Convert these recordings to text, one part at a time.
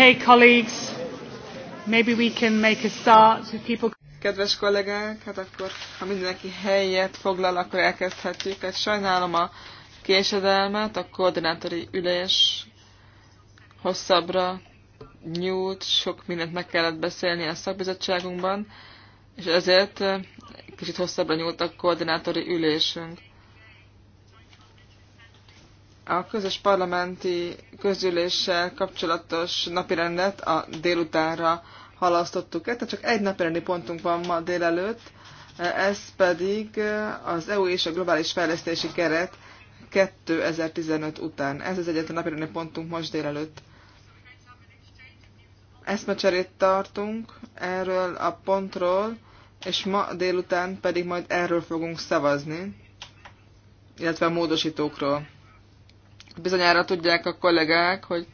Hey colleagues, maybe we can make a start people... Kedves kollégák, hát akkor, ha mindenki helyet foglal, akkor elkezdhetjük. Hát sajnálom a késedelmet, a koordinátori ülés hosszabbra nyúlt, sok mindent meg kellett beszélni a szakbizottságunkban, és ezért kicsit hosszabbra nyúlt a koordinátori ülésünk a közös parlamenti közüléssel kapcsolatos napirendet a délutánra halasztottuk el, tehát csak egy napirendi pontunk van ma délelőtt, ez pedig az EU és a globális fejlesztési keret 2015 után. Ez az egyetlen napirendi pontunk most délelőtt. Eszmecserét tartunk erről a pontról, és ma délután pedig majd erről fogunk szavazni, illetve a módosítókról. Bizonyára tudják a kollégák, hogy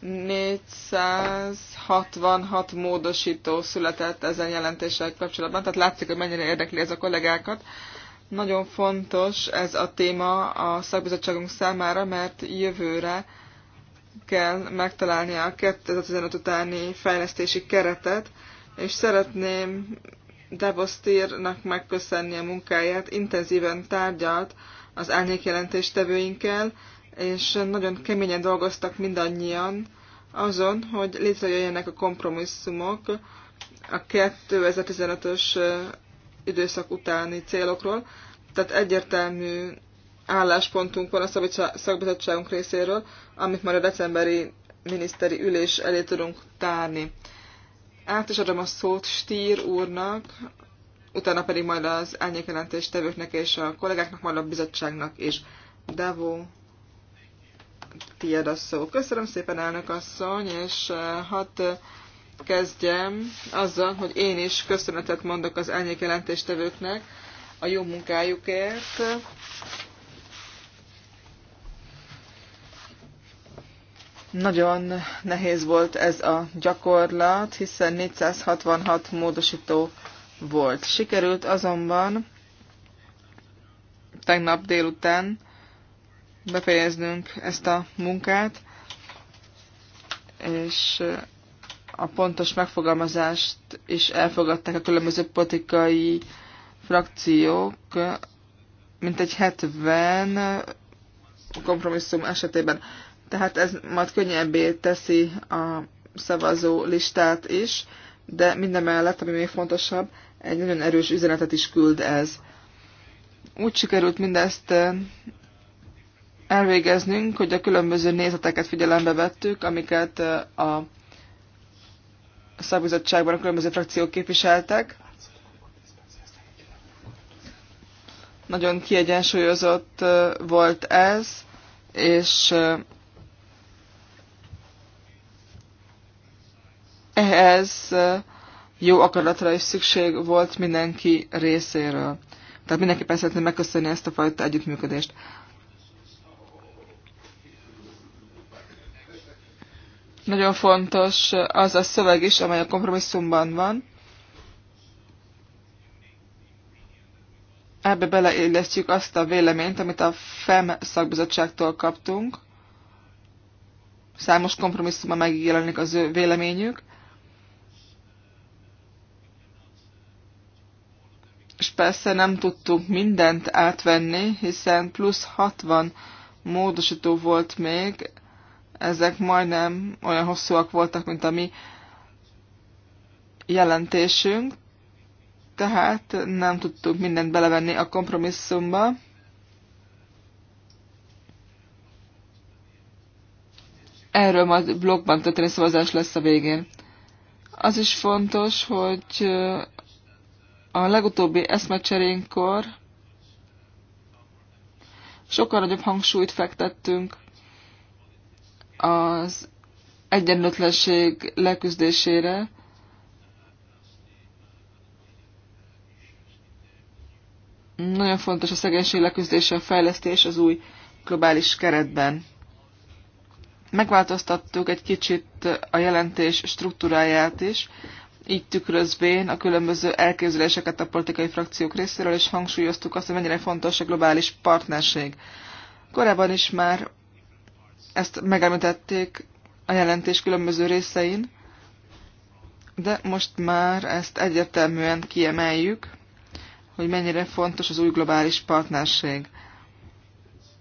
466 módosító született ezen jelentéssel kapcsolatban, tehát látszik, hogy mennyire érdekli ez a kollégákat. Nagyon fontos ez a téma a szakbizottságunk számára, mert jövőre kell megtalálni a 2015 utáni fejlesztési keretet, és szeretném Davos Tírnak megköszönni a munkáját, intenzíven tárgyalt az árnyékjelentéstevőinkkel, és nagyon keményen dolgoztak mindannyian azon, hogy létrejöjjenek a kompromisszumok a 2015-ös időszak utáni célokról. Tehát egyértelmű álláspontunk van a szakbizottságunk részéről, amit már a decemberi miniszteri ülés elé tudunk tárni. Át is adom a szót Stír úrnak, utána pedig majd az elnyékjelentés tevőknek és a kollégáknak, majd a bizottságnak is. Devo tiéd a szó. Köszönöm szépen, elnök asszony, és eh, hadd kezdjem azzal, hogy én is köszönetet mondok az elnyék jelentéstevőknek a jó munkájukért. Nagyon nehéz volt ez a gyakorlat, hiszen 466 módosító volt. Sikerült azonban tegnap délután befejeznünk ezt a munkát, és a pontos megfogalmazást is elfogadták a különböző politikai frakciók, mint egy 70 kompromisszum esetében. Tehát ez majd könnyebbé teszi a szavazó listát is, de mindemellett, ami még fontosabb, egy nagyon erős üzenetet is küld ez. Úgy sikerült mindezt elvégeznünk, hogy a különböző nézeteket figyelembe vettük, amiket a szabizottságban a különböző frakciók képviseltek. Nagyon kiegyensúlyozott volt ez, és ehhez jó akaratra is szükség volt mindenki részéről. Tehát mindenképpen szeretném megköszönni ezt a fajta együttműködést. Nagyon fontos az a szöveg is, amely a kompromisszumban van. Ebbe beleillesztjük azt a véleményt, amit a FEM szakbizottságtól kaptunk. Számos kompromisszumban megjelenik az ő véleményük. és persze nem tudtunk mindent átvenni, hiszen plusz 60 módosító volt még, ezek majdnem olyan hosszúak voltak, mint a mi jelentésünk, tehát nem tudtuk mindent belevenni a kompromisszumba. Erről majd blogban történő szavazás lesz a végén. Az is fontos, hogy a legutóbbi eszmecserénkor sokkal nagyobb hangsúlyt fektettünk az egyenlőtlenség leküzdésére, nagyon fontos a szegénység leküzdése, a fejlesztés az új globális keretben. Megváltoztattuk egy kicsit a jelentés struktúráját is, így tükrözvén a különböző elképzeléseket a politikai frakciók részéről, és hangsúlyoztuk azt, hogy mennyire fontos a globális partnerség. Korábban is már ezt megemlítették a jelentés különböző részein, de most már ezt egyértelműen kiemeljük, hogy mennyire fontos az új globális partnerség.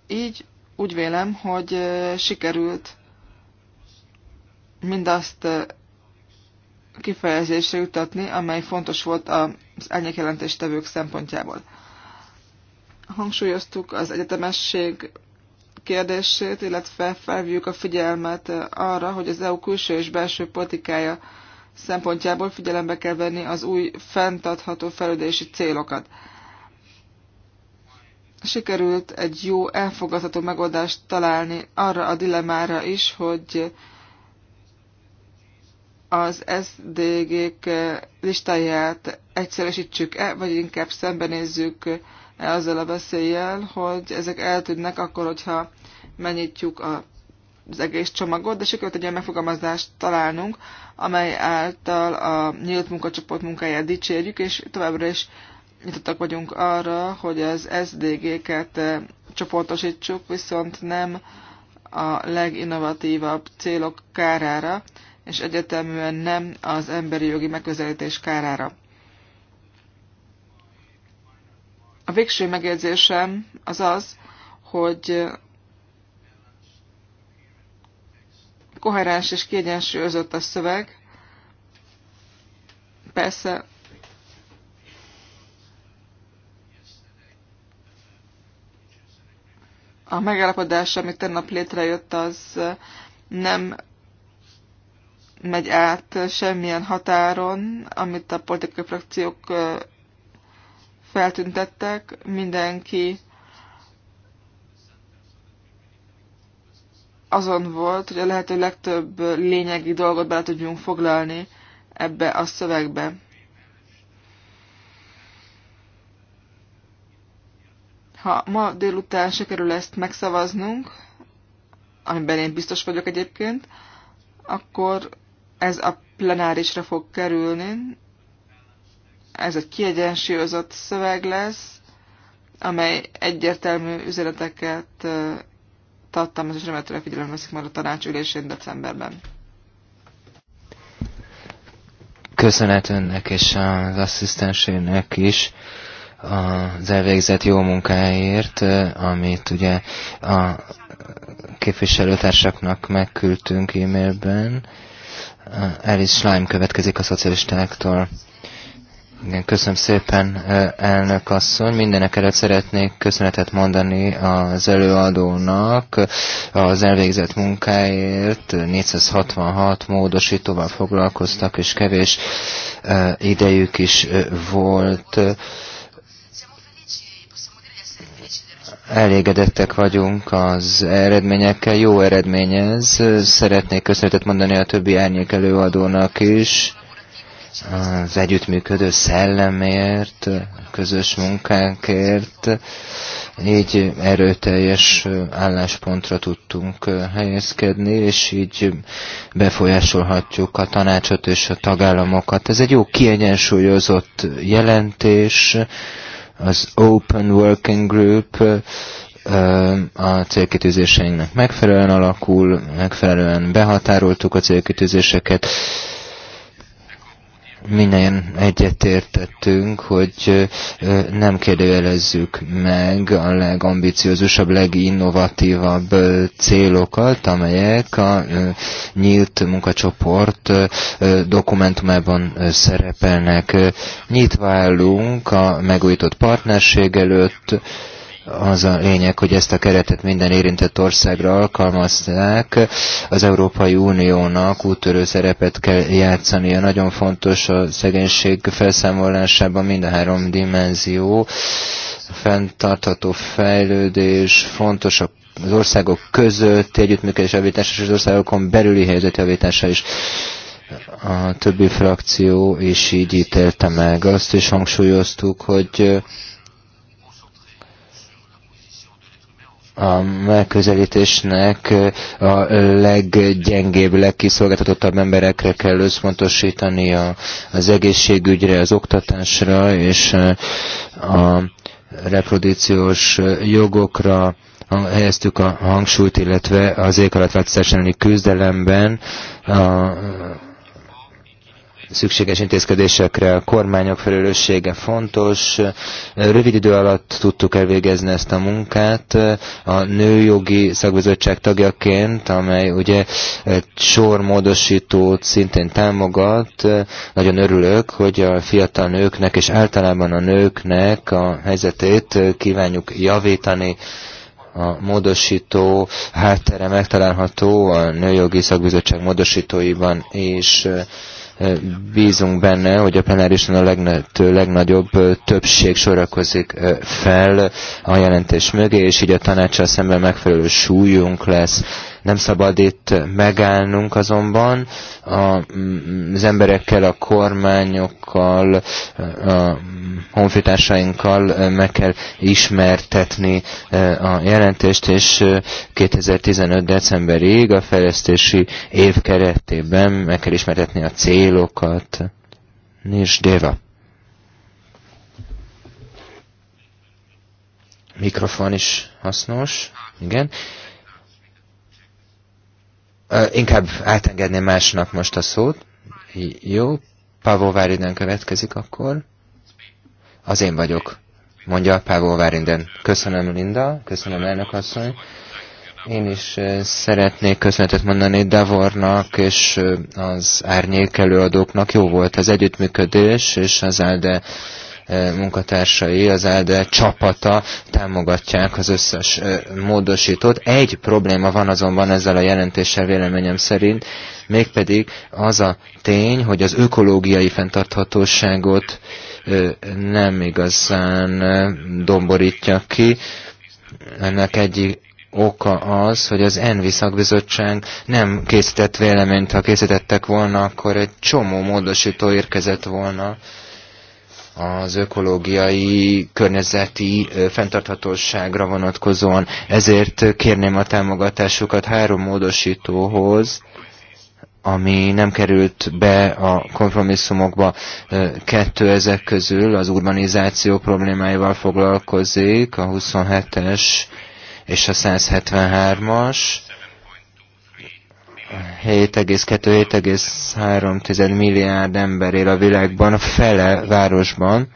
Így úgy vélem, hogy sikerült mindazt kifejezésre jutatni, amely fontos volt az jelentéstevők szempontjából. Hangsúlyoztuk az egyetemesség kérdését, illetve felvívjuk a figyelmet arra, hogy az EU külső és belső politikája szempontjából figyelembe kell venni az új fenntartható fejlődési célokat. Sikerült egy jó, elfogadható megoldást találni arra a dilemára is, hogy az SDG-k listáját egyszerűsítsük-e, vagy inkább szembenézzük azzal a veszéllyel, hogy ezek eltűnnek akkor, hogyha megnyitjuk a, az egész csomagot, de sikerült egy olyan megfogalmazást találnunk, amely által a nyílt munkacsoport munkáját dicsérjük, és továbbra is nyitottak vagyunk arra, hogy az SDG-ket eh, csoportosítsuk, viszont nem a leginnovatívabb célok kárára, és egyeteműen nem az emberi jogi megközelítés kárára. A végső megjegyzésem az az, hogy koherens és kiegyensúlyozott a szöveg. Persze a megállapodás, ami tegnap létrejött, az nem megy át semmilyen határon, amit a politikai frakciók feltüntettek, mindenki azon volt, hogy a lehető legtöbb lényegi dolgot bele tudjunk foglalni ebbe a szövegbe. Ha ma délután sikerül ezt megszavaznunk, amiben én biztos vagyok egyébként, akkor ez a plenárisra fog kerülni, ez egy kiegyensúlyozott szöveg lesz, amely egyértelmű üzeneteket tattam, és remélhetőleg figyelem veszik majd a tanácsülésén decemberben. Köszönet önnek és az asszisztensének is az elvégzett jó munkáért, amit ugye a képviselőtársaknak megküldtünk e-mailben. Alice Slime következik a szocialistáktól. Igen, köszönöm szépen, elnök asszony. Mindenek előtt szeretnék köszönetet mondani az előadónak az elvégzett munkáért. 466 módosítóval foglalkoztak, és kevés idejük is volt. elégedettek vagyunk az eredményekkel, jó eredmény ez. Szeretnék köszönetet mondani a többi árnyék előadónak is az együttműködő szellemért, közös munkánkért, így erőteljes álláspontra tudtunk helyezkedni, és így befolyásolhatjuk a tanácsot és a tagállamokat. Ez egy jó kiegyensúlyozott jelentés, az Open Working Group a célkitűzéseinknek megfelelően alakul, megfelelően behatároltuk a célkitűzéseket, minden egyetértettünk, hogy nem kérdőjelezzük meg a legambiciózusabb, leginnovatívabb célokat, amelyek a nyílt munkacsoport dokumentumában szerepelnek. Nyitva állunk a megújított partnerség előtt, az a lényeg, hogy ezt a keretet minden érintett országra alkalmazták. Az Európai Uniónak úttörő szerepet kell játszania. Nagyon fontos a szegénység felszámolásában mind a három dimenzió. Fenntartható fejlődés, fontos a az országok között együttműködés javítása, és az országokon belüli helyzet javítása is a többi frakció, és így ítélte meg. Azt is hangsúlyoztuk, hogy a megközelítésnek a leggyengébb, legkiszolgáltatottabb emberekre kell összpontosítani a, az egészségügyre, az oktatásra és a reprodíciós jogokra helyeztük a hangsúlyt, illetve az ég alatt küzdelemben a szükséges intézkedésekre a kormányok felelőssége fontos. Rövid idő alatt tudtuk elvégezni ezt a munkát. A nőjogi szakbizottság tagjaként, amely ugye egy sor módosítót szintén támogat, nagyon örülök, hogy a fiatal nőknek és általában a nőknek a helyzetét kívánjuk javítani a módosító háttere megtalálható a Nőjogi Szakbizottság módosítóiban, és Bízunk benne, hogy a plenárison a legnagyobb, legnagyobb többség sorakozik fel a jelentés mögé, és így a tanácsal szemben megfelelő súlyunk lesz. Nem szabad itt megállnunk azonban az emberekkel, a kormányokkal, a honfitársainkkal meg kell ismertetni a jelentést, és 2015. decemberig a fejlesztési év keretében meg kell ismertetni a célokat. Nincs Deva. Mikrofon is hasznos, igen. Inkább átengedném másnak most a szót. Jó, Pavó Váriden következik akkor. Az én vagyok, mondja Pávol Várinden. Köszönöm, Linda, köszönöm, elnök asszony. Én is szeretnék köszönetet mondani Davornak és az árnyék előadóknak. Jó volt az együttműködés, és az ELDE munkatársai, az ELDE csapata támogatják az összes módosítót. Egy probléma van azonban ezzel a jelentéssel véleményem szerint, mégpedig az a tény, hogy az ökológiai fenntarthatóságot nem igazán domborítja ki. Ennek egyik oka az, hogy az ENVI szakbizottság nem készített véleményt, ha készítettek volna, akkor egy csomó módosító érkezett volna az ökológiai, környezeti fenntarthatóságra vonatkozóan. Ezért kérném a támogatásukat három módosítóhoz, ami nem került be a kompromisszumokba. Kettő ezek közül az urbanizáció problémáival foglalkozik, a 27-es és a 173-as. 7,2-7,3 milliárd ember él a világban, a fele városban.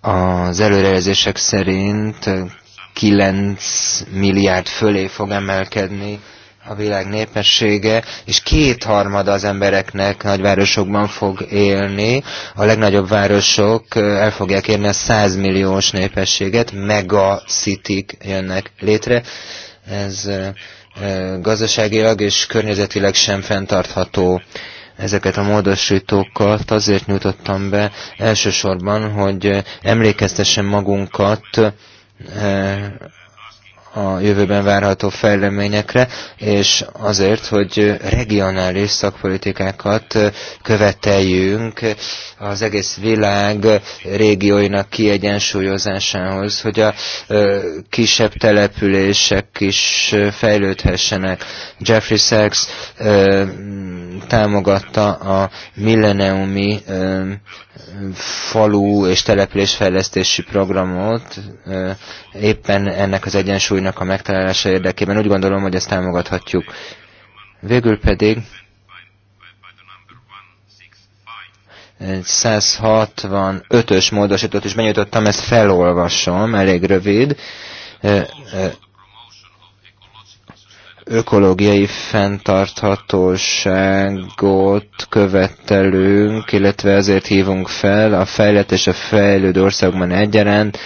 Az előrejelzések szerint 9 milliárd fölé fog emelkedni a világ népessége, és kétharmada az embereknek nagyvárosokban fog élni. A legnagyobb városok el fogják érni a 100 milliós népességet, mega citik jönnek létre. Ez gazdaságilag és környezetileg sem fenntartható ezeket a módosítókat azért nyújtottam be elsősorban, hogy emlékeztessem magunkat a jövőben várható fejleményekre, és azért, hogy regionális szakpolitikákat követeljünk az egész világ régióinak kiegyensúlyozásához, hogy a kisebb települések is fejlődhessenek. Jeffrey Sachs támogatta a milleniumi falu és településfejlesztési programot éppen ennek az egyensúlynak a megtalálása érdekében. Úgy gondolom, hogy ezt támogathatjuk. Végül pedig 165-ös módosítót is benyújtottam, ezt felolvasom, elég rövid ökológiai fenntarthatóságot követelünk, illetve ezért hívunk fel a fejlett és a fejlődő országban egyaránt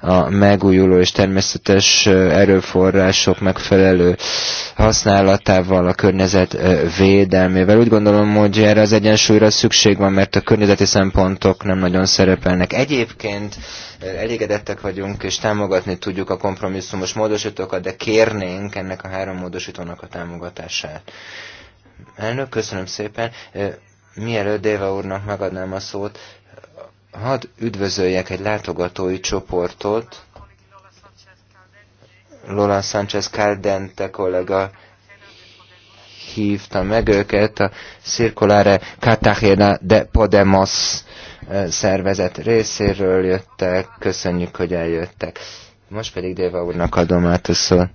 a megújuló és természetes erőforrások megfelelő használatával, a környezet védelmével. Úgy gondolom, hogy erre az egyensúlyra szükség van, mert a környezeti szempontok nem nagyon szerepelnek. Egyébként elégedettek vagyunk, és támogatni tudjuk a kompromisszumos módosítókat, de kérnénk ennek a három módosítónak a támogatását. Elnök, köszönöm szépen. Mielőtt Déva úrnak megadnám a szót, Hadd üdvözöljek egy látogatói csoportot, Lola Sánchez Caldente kollega hívta meg őket, a Circulare Cartagena de Podemos eh, szervezet részéről jöttek, köszönjük, hogy eljöttek. Most pedig Déva úrnak adom át a szót.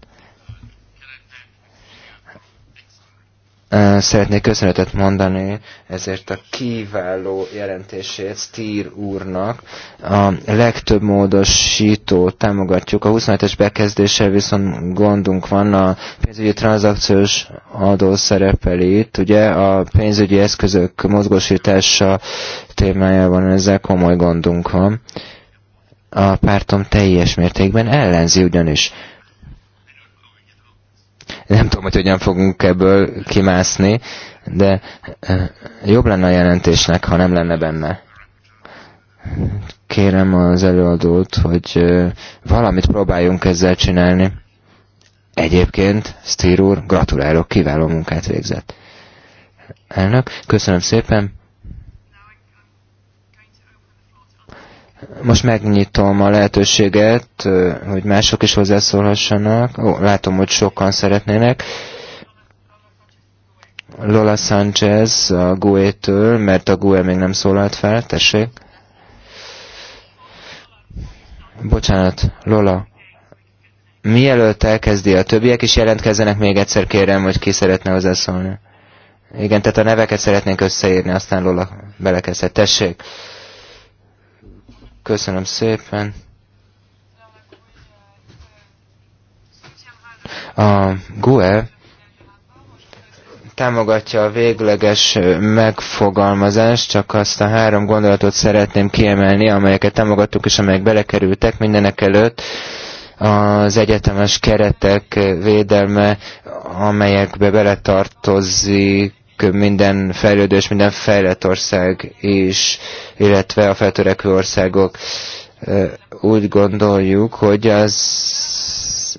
Szeretnék köszönetet mondani ezért a kiváló jelentését Stír úrnak. A legtöbb módosító támogatjuk. A 27-es bekezdéssel viszont gondunk van. A pénzügyi tranzakciós adó szerepel itt. Ugye a pénzügyi eszközök mozgósítása témájában ezzel komoly gondunk van. A pártom teljes mértékben ellenzi ugyanis nem tudom, hogy hogyan fogunk ebből kimászni, de jobb lenne a jelentésnek, ha nem lenne benne. Kérem az előadót, hogy valamit próbáljunk ezzel csinálni. Egyébként, Stír úr, gratulálok, kiváló munkát végzett. Elnök, köszönöm szépen. Most megnyitom a lehetőséget, hogy mások is hozzászólhassanak. Ó, látom, hogy sokan szeretnének. Lola Sanchez a GUE-től, mert a GUE még nem szólalt fel, tessék. Bocsánat, Lola. Mielőtt elkezdi a többiek is jelentkezzenek, még egyszer kérem, hogy ki szeretne hozzászólni. Igen, tehát a neveket szeretnénk összeírni, aztán Lola belekezdhet. Tessék! Köszönöm szépen. A GUE támogatja a végleges megfogalmazást, csak azt a három gondolatot szeretném kiemelni, amelyeket támogattuk és amelyek belekerültek mindenek előtt az egyetemes keretek védelme, amelyekbe beletartozik minden fejlődő és minden fejlett ország is illetve a feltörekvő országok. Úgy gondoljuk, hogy az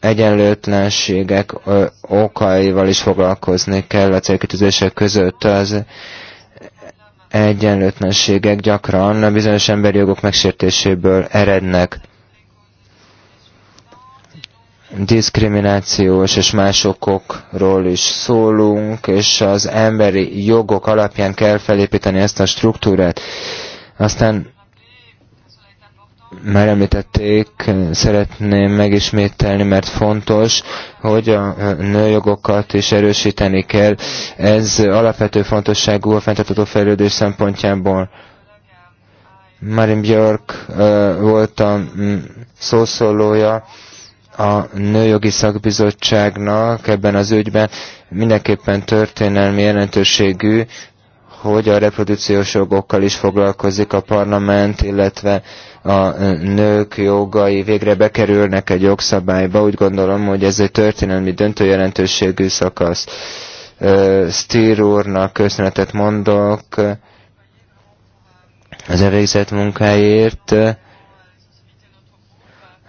egyenlőtlenségek okaival is foglalkozni kell a célkitűzések között. Az egyenlőtlenségek gyakran a bizonyos emberi jogok megsértéséből erednek diszkriminációs és más okokról is szólunk, és az emberi jogok alapján kell felépíteni ezt a struktúrát. Aztán már említették, szeretném megismételni, mert fontos, hogy a nőjogokat is erősíteni kell. Ez alapvető fontosságú a fenntartható fejlődés szempontjából. Marin Björk volt a mm, szószólója a Nőjogi Szakbizottságnak ebben az ügyben mindenképpen történelmi jelentőségű, hogy a reprodukciós jogokkal is foglalkozik a parlament, illetve a nők jogai végre bekerülnek egy jogszabályba. Úgy gondolom, hogy ez egy történelmi döntő jelentőségű szakasz. Stier úrnak köszönetet mondok az elvégzett munkáért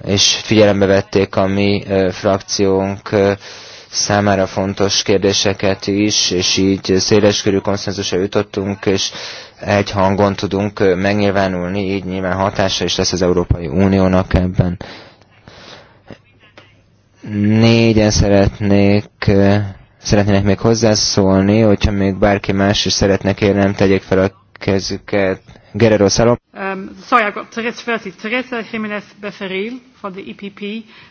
és figyelembe vették a mi frakciónk számára fontos kérdéseket is, és így széleskörű konszenzusra jutottunk, és egy hangon tudunk megnyilvánulni, így nyilván hatása is lesz az Európai Uniónak ebben. Négyen szeretnék, szeretnének még hozzászólni, hogyha még bárki más is szeretne kérnem, tegyék fel a kezüket. Guerrero Salom. Um, sorry, I've got Teresa, It's Teresa Jimenez Beferil for the EPP,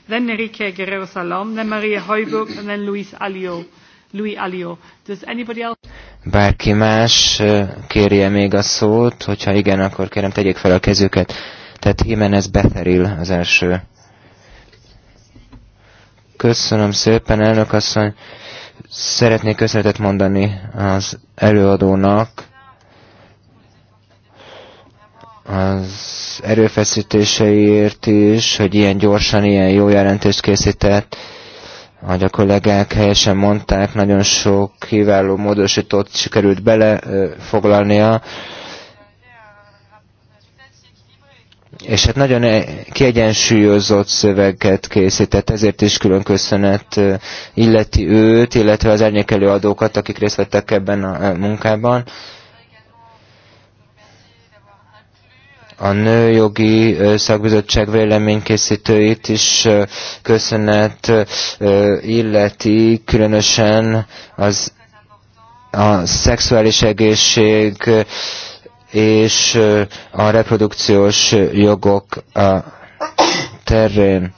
then Enrique Guerrero Salom, then Maria Heuburg, and then Luis Alio. Louis Alio. Does anybody else? Bárki más uh, kérje még a szót, hogyha igen, akkor kérem tegyék fel a kezüket. Tehát Jimenez Beferil az első. Köszönöm szépen, elnök asszony. Szeretnék köszönetet mondani az előadónak az erőfeszítéseiért is, hogy ilyen gyorsan, ilyen jó jelentést készített, ahogy a kollégák helyesen mondták, nagyon sok kiváló módosítót sikerült belefoglalnia, és hát nagyon e, kiegyensúlyozott szöveget készített, ezért is külön köszönet illeti őt, illetve az árnyékelő adókat, akik részt vettek ebben a munkában. a nőjogi szakbizottság véleménykészítőit is köszönet illeti, különösen az a szexuális egészség és a reprodukciós jogok a terén.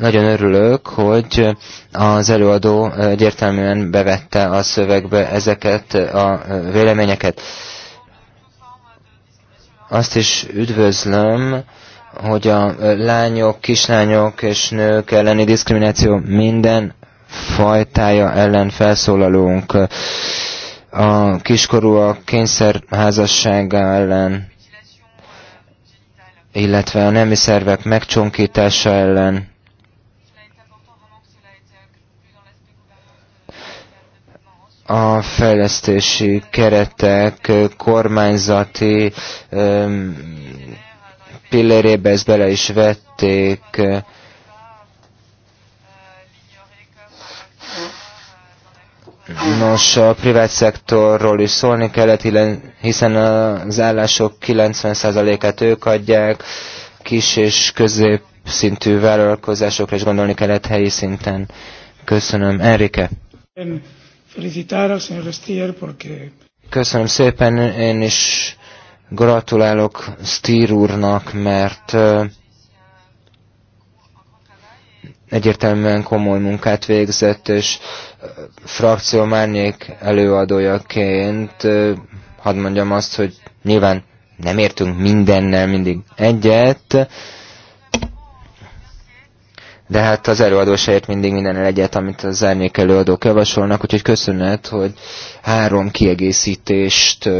Nagyon örülök, hogy az előadó egyértelműen bevette a szövegbe ezeket a véleményeket. Azt is üdvözlöm, hogy a lányok, kislányok és nők elleni diszkrimináció minden fajtája ellen felszólalunk. A kiskorúak kényszerházassága ellen, illetve a nemi szervek megcsonkítása ellen, fejlesztési keretek kormányzati pillérébe ezt bele is vették. Nos, a privát szektorról is szólni kellett, hiszen az állások 90%-át ők adják, kis és közép szintű vállalkozásokra is gondolni kellett helyi szinten. Köszönöm. Enrique felicitar al señor Stier porque... Köszönöm szépen, én is gratulálok Stier úrnak, mert egyértelműen komoly munkát végzett, és frakció márnyék előadójaként hadd mondjam azt, hogy nyilván nem értünk mindennel mindig egyet, de hát az előadó se ért mindig minden egyet, amit az árnyék előadók javasolnak, úgyhogy köszönet, hogy három kiegészítést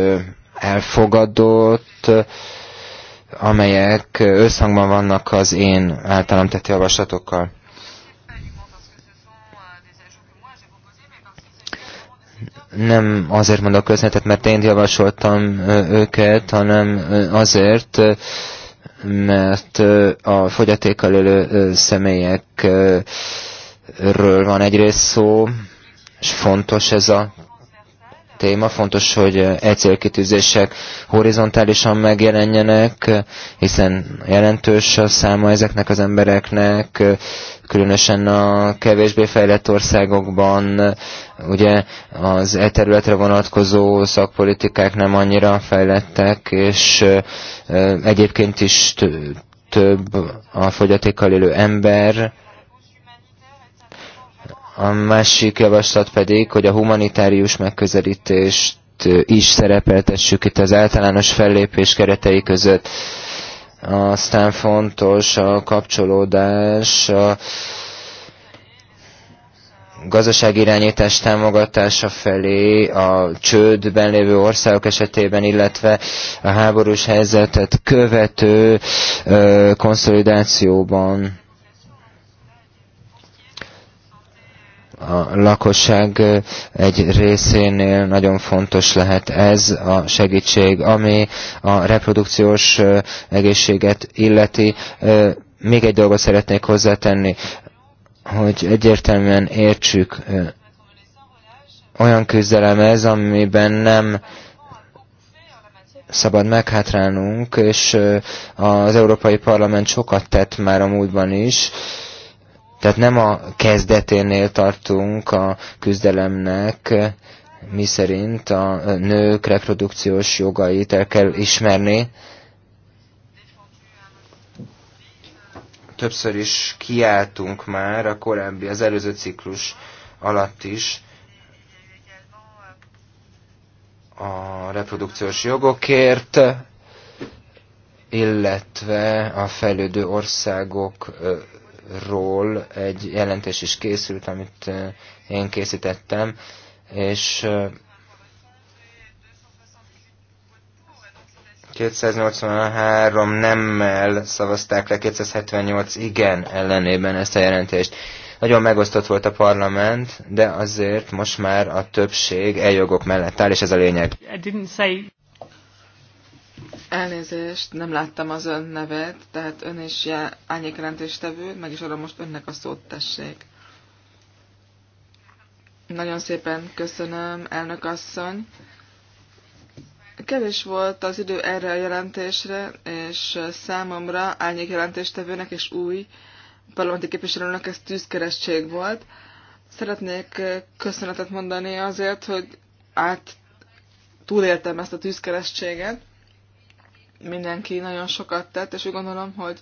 elfogadott, amelyek összhangban vannak az én általam tett javaslatokkal. nem azért mondok köszönetet, mert én javasoltam őket, hanem azért, mert a fogyatékkal élő személyekről van egyrészt szó, és fontos ez a téma. Fontos, hogy egycélkitűzések eh, e horizontálisan megjelenjenek, eh, hiszen jelentős a száma ezeknek az embereknek, eh, különösen a kevésbé fejlett országokban ugye az e területre vonatkozó szakpolitikák nem annyira fejlettek, és egyébként is több a fogyatékkal élő ember, a másik javaslat pedig, hogy a humanitárius megközelítést is szerepeltessük itt az általános fellépés keretei között. Aztán fontos a kapcsolódás, a gazdaságirányítás támogatása felé a csődben lévő országok esetében, illetve a háborús helyzetet követő ö, konszolidációban. a lakosság egy részénél nagyon fontos lehet ez a segítség, ami a reprodukciós egészséget illeti. Még egy dolgot szeretnék hozzátenni, hogy egyértelműen értsük, olyan küzdelem ez, amiben nem szabad meghátrálnunk, és az Európai Parlament sokat tett már a múltban is, tehát nem a kezdeténél tartunk a küzdelemnek, mi szerint a nők reprodukciós jogait el kell ismerni. Többször is kiáltunk már a korábbi, az előző ciklus alatt is a reprodukciós jogokért, illetve a fejlődő országok ról egy jelentés is készült, amit eh, én készítettem, és 283 eh, nemmel szavazták le, 278 igen ellenében ezt a jelentést. Nagyon megosztott volt a parlament, de azért most már a többség eljogok mellett áll, és ez a lényeg. Elnézést, nem láttam az ön nevet, tehát ön is jelentéstevő, meg is arra most önnek a szót, tessék. Nagyon szépen köszönöm, elnök asszony. Kevés volt az idő erre a jelentésre, és számomra jelentéstevőnek és új parlamenti képviselőnek ez tűzkeresség volt. Szeretnék köszönetet mondani azért, hogy át túléltem ezt a tűzkeresztséget mindenki nagyon sokat tett, és úgy gondolom, hogy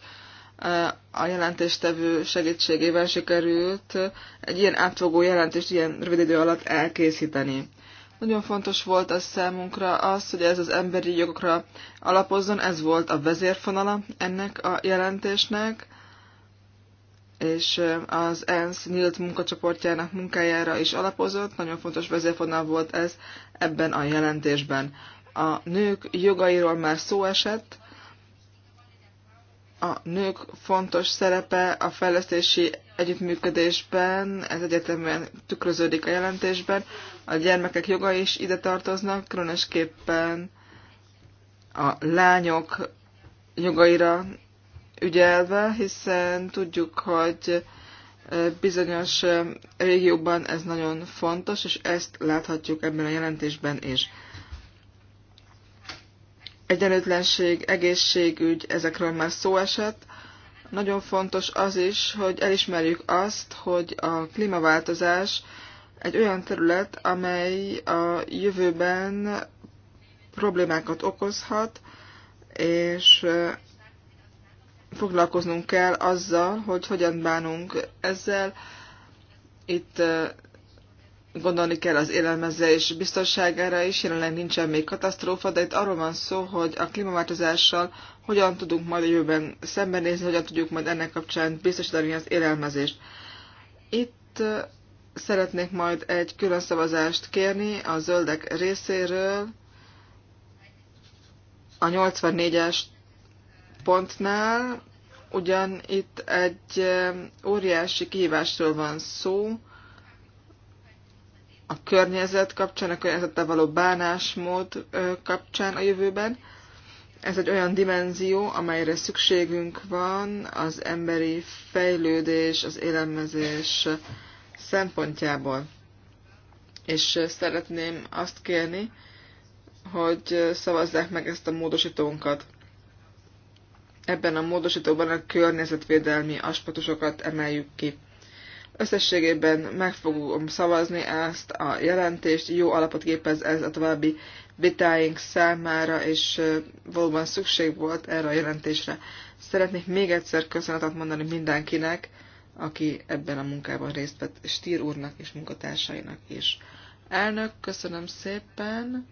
e, a jelentéstevő segítségével sikerült egy ilyen átfogó jelentést ilyen rövid idő alatt elkészíteni. Nagyon fontos volt az számunkra az, hogy ez az emberi jogokra alapozzon, ez volt a vezérfonala ennek a jelentésnek, és e, az ENSZ nyílt munkacsoportjának munkájára is alapozott, nagyon fontos vezérfonal volt ez ebben a jelentésben. A nők jogairól már szó esett. A nők fontos szerepe a fejlesztési együttműködésben, ez egyetemben tükröződik a jelentésben. A gyermekek joga is ide tartoznak, különösképpen a lányok jogaira ügyelve, hiszen tudjuk, hogy bizonyos régióban ez nagyon fontos, és ezt láthatjuk ebben a jelentésben is egyenlőtlenség, egészségügy, ezekről már szó esett. Nagyon fontos az is, hogy elismerjük azt, hogy a klímaváltozás egy olyan terület, amely a jövőben problémákat okozhat, és foglalkoznunk kell azzal, hogy hogyan bánunk ezzel. Itt gondolni kell az élelmezés biztonságára is, jelenleg nincsen még katasztrófa, de itt arról van szó, hogy a klímaváltozással hogyan tudunk majd a jövőben szembenézni, hogyan tudjuk majd ennek kapcsán biztosítani az élelmezést. Itt szeretnék majd egy külön szavazást kérni a zöldek részéről a 84-es pontnál, ugyan itt egy óriási kihívásról van szó, a környezet kapcsán, a környezettel való bánásmód kapcsán a jövőben. Ez egy olyan dimenzió, amelyre szükségünk van az emberi fejlődés, az élelmezés szempontjából. És szeretném azt kérni, hogy szavazzák meg ezt a módosítónkat. Ebben a módosítóban a környezetvédelmi aspektusokat emeljük ki. Összességében meg fogom szavazni ezt a jelentést, jó alapot képez ez a további vitáink számára, és valóban szükség volt erre a jelentésre. Szeretnék még egyszer köszönetet mondani mindenkinek, aki ebben a munkában részt vett, Stír úrnak és munkatársainak is. Elnök, köszönöm szépen!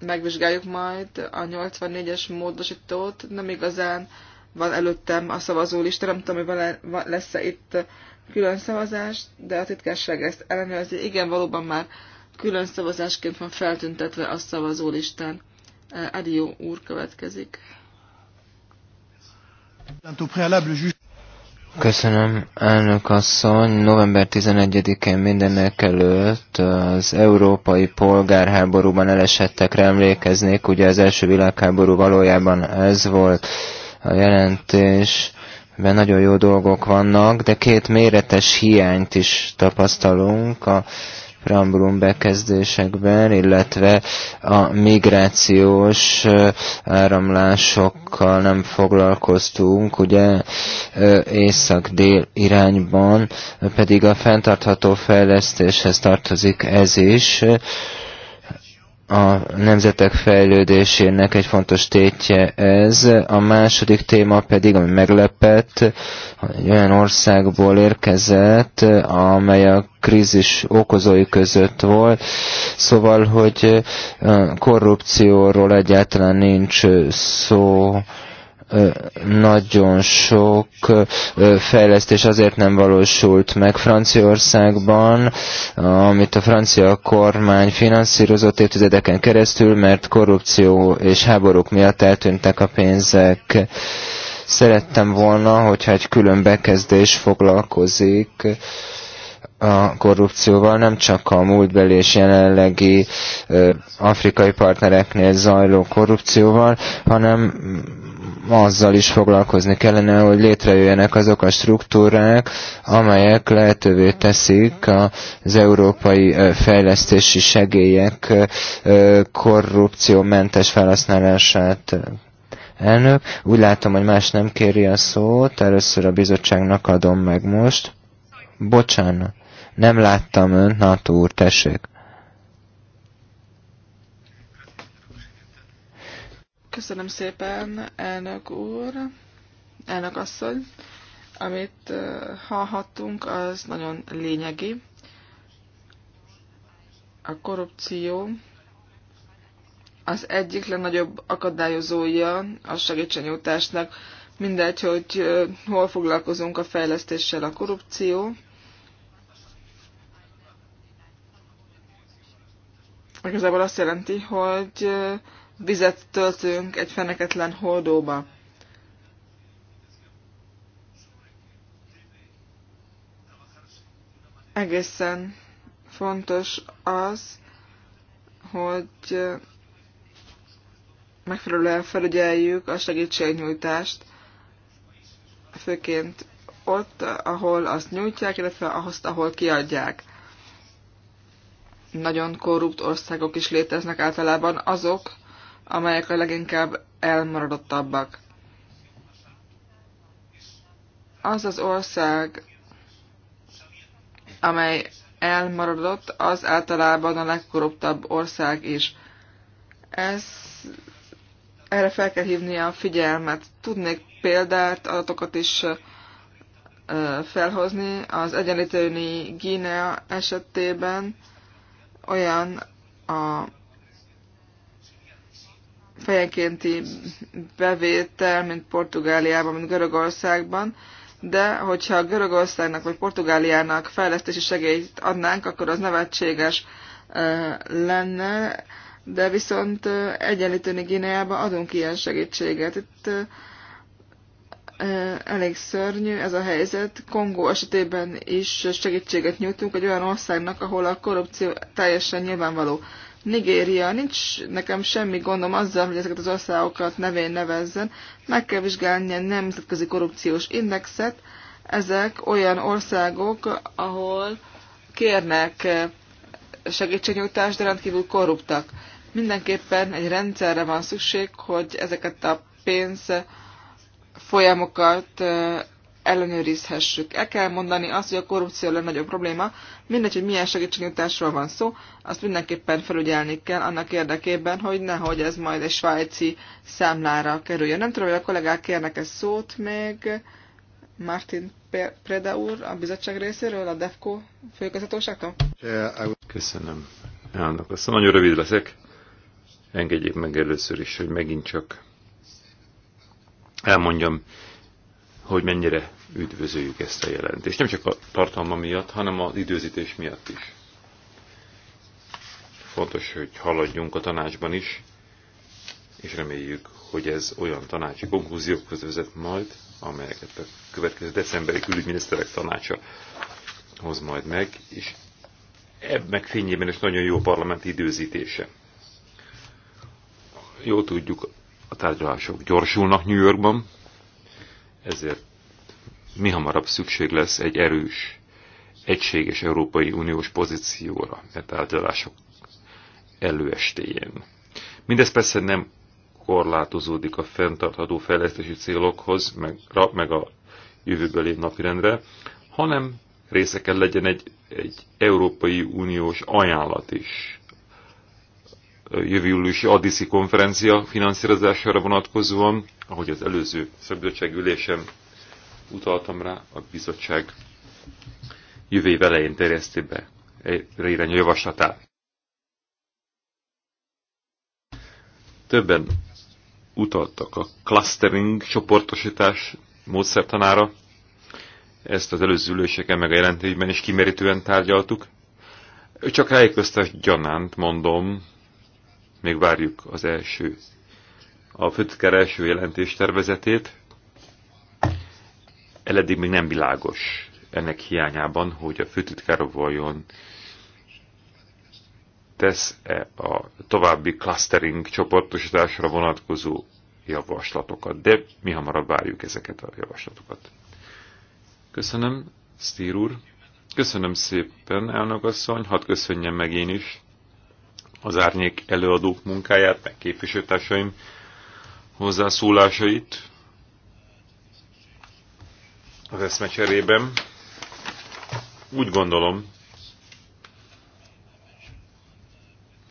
Megvizsgáljuk majd a 84-es módosítót, nem igazán van előttem a szavazó lista, nem tudom, hogy lesz-e itt külön szavazás, de a titkárság ezt ellenőrzi. Igen, valóban már külön szavazásként van feltüntetve a szavazó listán. E, Adió úr következik. Köszönöm, elnök asszony. November 11-én mindenek előtt az európai polgárháborúban elesettekre emlékeznék. Ugye az első világháború valójában ez volt. A jelentésben nagyon jó dolgok vannak, de két méretes hiányt is tapasztalunk a Prambulum bekezdésekben, illetve a migrációs áramlásokkal nem foglalkoztunk, ugye észak-dél irányban, pedig a fenntartható fejlesztéshez tartozik ez is, a nemzetek fejlődésének egy fontos tétje ez. A második téma pedig, ami meglepett, egy olyan országból érkezett, amely a krízis okozói között volt, szóval, hogy korrupcióról egyáltalán nincs szó, nagyon sok fejlesztés azért nem valósult meg Franciaországban, amit a francia kormány finanszírozott évtizedeken keresztül, mert korrupció és háborúk miatt eltűntek a pénzek. Szerettem volna, hogyha egy külön bekezdés foglalkozik a korrupcióval nem csak a múltbeli és jelenlegi afrikai partnereknél zajló korrupcióval, hanem azzal is foglalkozni kellene, hogy létrejöjjenek azok a struktúrák, amelyek lehetővé teszik az európai fejlesztési segélyek korrupciómentes felhasználását. Elnök, úgy látom, hogy más nem kéri a szót, először a bizottságnak adom meg most. Bocsánat, nem láttam önt, NATO úr, tessék. Köszönöm szépen, elnök úr, elnök asszony. Amit hallhattunk, az nagyon lényegi. A korrupció az egyik legnagyobb akadályozója a segítségnyújtásnak. Mindegy, hogy hol foglalkozunk a fejlesztéssel, a korrupció. Igazából azt jelenti, hogy vizet töltünk egy feneketlen holdóba. Egészen fontos az, hogy megfelelően felügyeljük a segítségnyújtást, főként ott, ahol azt nyújtják, illetve azt, ahol kiadják. Nagyon korrupt országok is léteznek általában azok, amelyek a leginkább elmaradottabbak. Az az ország, amely elmaradott, az általában a legkorruptabb ország is. Ez, erre fel kell hívni a figyelmet. Tudnék példát, adatokat is felhozni. Az egyenlítőni Gínea esetében olyan a fejenkénti bevétel, mint Portugáliában, mint Görögországban, de hogyha Görögországnak vagy Portugáliának fejlesztési segélyt adnánk, akkor az nevetséges lenne, de viszont egyenlítőni Gineába adunk ilyen segítséget. Itt elég szörnyű ez a helyzet. Kongó esetében is segítséget nyújtunk egy olyan országnak, ahol a korrupció teljesen nyilvánvaló. Nigéria, nincs nekem semmi gondom azzal, hogy ezeket az országokat nevén nevezzen. Meg kell vizsgálni a nemzetközi korrupciós indexet. Ezek olyan országok, ahol kérnek segítségnyújtást, de rendkívül korruptak. Mindenképpen egy rendszerre van szükség, hogy ezeket a pénz folyamokat ellenőrizhessük. El kell mondani azt, hogy a korrupció a legnagyobb probléma, mindegy, hogy milyen segítségnyújtásról van szó, azt mindenképpen felügyelni kell annak érdekében, hogy nehogy ez majd egy svájci számlára kerüljön. Nem tudom, hogy a kollégák kérnek ezt szót még. Martin Preda úr a bizottság részéről, a DEFCO főigazgatóságtól? Köszönöm. Elnök, azt nagyon rövid leszek. Engedjék meg először is, hogy megint csak elmondjam, hogy mennyire üdvözöljük ezt a jelentést. Nem csak a tartalma miatt, hanem az időzítés miatt is. Fontos, hogy haladjunk a tanácsban is, és reméljük, hogy ez olyan tanácsi konklúziókhoz vezet majd, amelyeket a következő decemberi külügyminiszterek tanácsa hoz majd meg, és ennek fényében is nagyon jó parlament időzítése. Jó tudjuk, a tárgyalások gyorsulnak New Yorkban, ezért mi hamarabb szükség lesz egy erős, egységes Európai Uniós pozícióra e tárgyalások előestéjén. Mindez persze nem korlátozódik a fenntartható fejlesztési célokhoz, meg, meg a jövőbeli napirendre, hanem része kell legyen egy, egy Európai Uniós ajánlat is. Jövő júliusi Addiszi konferencia finanszírozására vonatkozóan, ahogy az előző szakbizottság utaltam rá, a bizottság jövő év elején terjeszti be irányú javaslatát. Többen utaltak a clustering csoportosítás módszertanára. Ezt az előző üléseken meg a jelentésben is kimerítően tárgyaltuk. Csak rájékoztás gyanánt mondom, még várjuk az első, a főtkár első jelentés tervezetét, eleddig még nem világos ennek hiányában, hogy a főtitkára vajon tesz-e a további clustering csoportosításra vonatkozó javaslatokat, de mi hamarabb várjuk ezeket a javaslatokat. Köszönöm, Stír úr. Köszönöm szépen, elnök asszony, hadd köszönjem meg én is az árnyék előadók munkáját, meg képviselőtársaim hozzászólásait az eszmecserében. Úgy gondolom,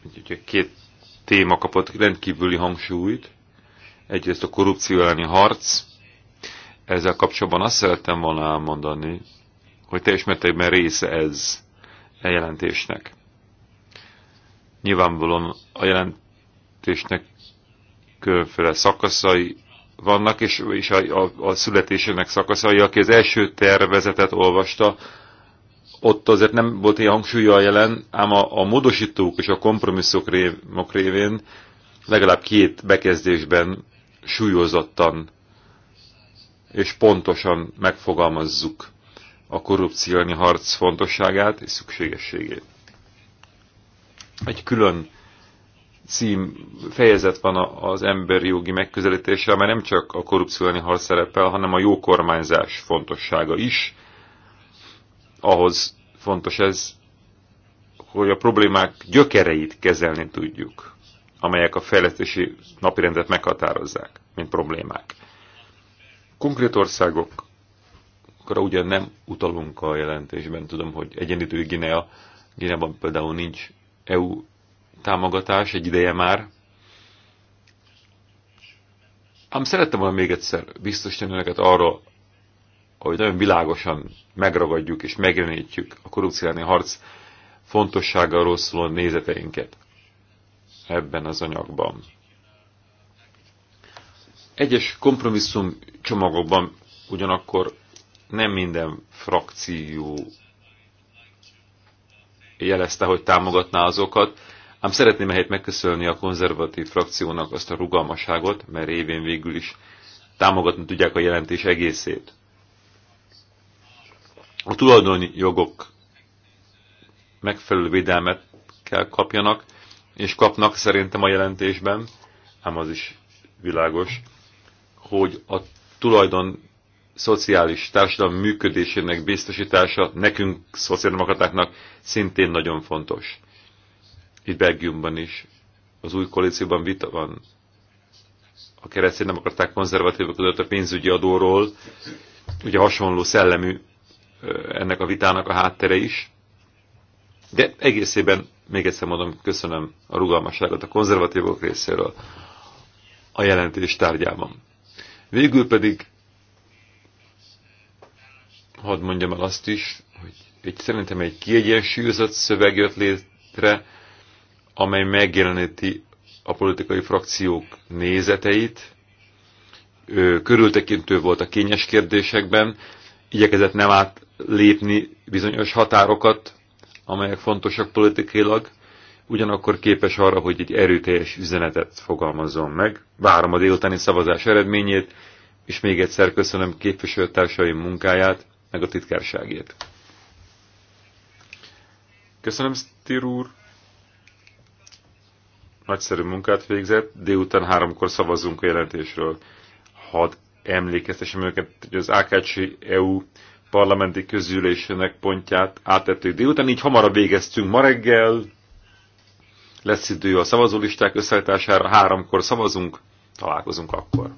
hogy ugye két téma kapott rendkívüli hangsúlyt. Egyrészt a korrupció elleni harc. Ezzel kapcsolatban azt szerettem volna elmondani, hogy teljes mértékben része ez a jelentésnek. Nyilvánvalóan a jelentésnek különféle szakaszai vannak, és, és a, a, a születésének szakaszai, aki az első tervezetet olvasta, ott azért nem volt ilyen hangsúlya jelen, ám a, a módosítók és a kompromisszok rév, révén legalább két bekezdésben súlyozottan és pontosan megfogalmazzuk a korrupcióni harc fontosságát és szükségességét. Egy külön cím fejezet van az emberi jogi megközelítésre, mert nem csak a korrupció hal szerepel, hanem a jó kormányzás fontossága is. Ahhoz fontos ez, hogy a problémák gyökereit kezelni tudjuk, amelyek a fejlesztési napirendet meghatározzák, mint problémák. Konkrét országok, akkor ugyan nem utalunk a jelentésben, tudom, hogy egyenlítő Ginea, Gineában például nincs EU támogatás egy ideje már. Ám szerettem volna még egyszer biztosítani önöket arról, hogy nagyon világosan megragadjuk és megjelenítjük a korrupciáni harc fontosságáról szóló nézeteinket ebben az anyagban. Egyes kompromisszum csomagokban ugyanakkor nem minden frakció jelezte, hogy támogatná azokat, Ám szeretném ehelyett megköszönni a konzervatív frakciónak azt a rugalmasságot, mert évén végül is támogatni tudják a jelentés egészét. A jogok megfelelő védelmet kell kapjanak, és kapnak szerintem a jelentésben, ám az is világos, hogy a tulajdon szociális társadalom működésének biztosítása nekünk, szociáldemokratáknak szintén nagyon fontos itt Belgiumban is az új koalícióban vita van. A keresztény nem akarták konzervatívok között a pénzügyi adóról, ugye hasonló szellemű ennek a vitának a háttere is. De egészében, még egyszer mondom, köszönöm a rugalmasságot a konzervatívok részéről a jelentés tárgyában. Végül pedig hadd mondjam el azt is, hogy egy, szerintem egy kiegyensúlyozott szöveg jött létre, amely megjeleníti a politikai frakciók nézeteit, ő körültekintő volt a kényes kérdésekben, igyekezett nem átlépni bizonyos határokat, amelyek fontosak politikailag, ugyanakkor képes arra, hogy egy erőteljes üzenetet fogalmazzon meg. Várom a délutáni szavazás eredményét, és még egyszer köszönöm képviselőtársaim munkáját, meg a titkárságét. Köszönöm, Stír úr! nagyszerű munkát végzett, délután háromkor szavazunk a jelentésről. Hadd emlékeztessem őket, hogy az Ákácsi EU parlamenti közülésének pontját átettük délután, így hamarabb végeztünk ma reggel, lesz idő a szavazólisták összeállítására, háromkor szavazunk, találkozunk akkor.